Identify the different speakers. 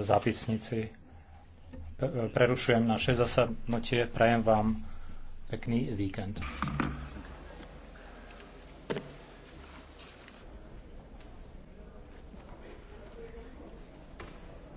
Speaker 1: zápisnici. Prerušujem naše zasadnutie. Prajem vám pekný víkend.